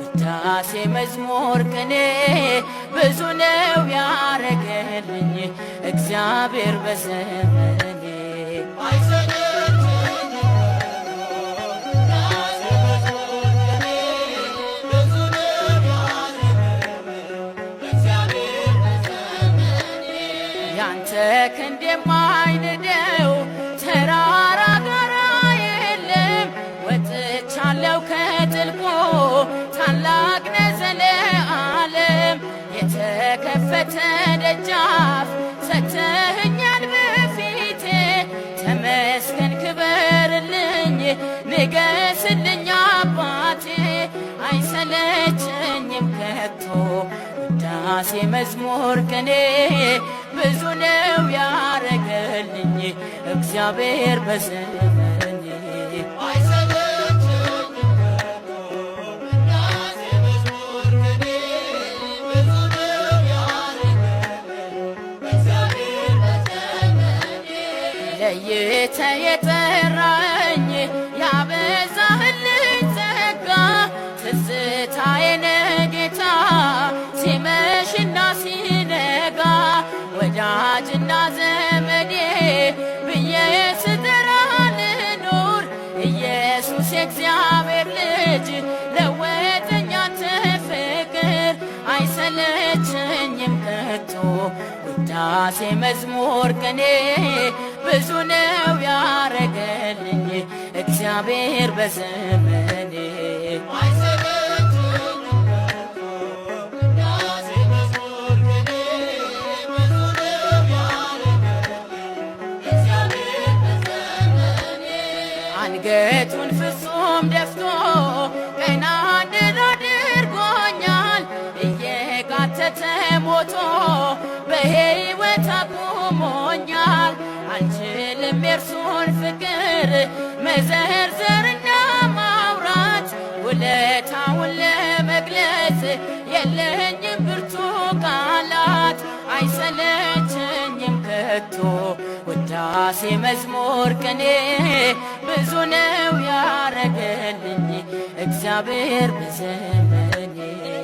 ውዳሴ መዝሙር ቅኔ ብዙ ነው ያረገልኝ እግዚአብሔር በዘመኔ ያንተ ክንድ የማይንደው ተራ ከፈተ ደጃፍ ሰተህኛል በፊቴ ተመስገን ክበርልኝ ንገስልኝ አባቴ አይሰለቸኝም ከቶ ውዳሴ መዝሙር ቅኔ ብዙ ነው ያረገልኝ እግዚአብሔር በስመ እይተ የጠራኝ ያበዛህልኝ ጸጋ ትዝታዬን ጌታ ሲመሽና ሲነጋ ወዳጅና ዘመዴ ብዬ ስጠራ ልኖር ኢየሱስ የእግዚአብሔር ልጅ ለወጠኛ ትፍቅር አይሰለቸኝም ከቶ ውዳሴ መዝሙር ቅኔ ብዙ ነው ያረገልኝ እግዚአብሔር በዘመኔ አንገቱን ፍጹም ደፍቶ ቀና ስሞኛል አልችልም የእርሱን ፍቅር መዘርዘርና ማውራት ውለታውን ለመግለጽ የለኝም ብርቱ ቃላት አይሰለቸኝም ከቶ ውዳሴ መዝሙር ቅኔ ብዙ ነው ያረገልኝ እግዚአብሔር በዘመኔ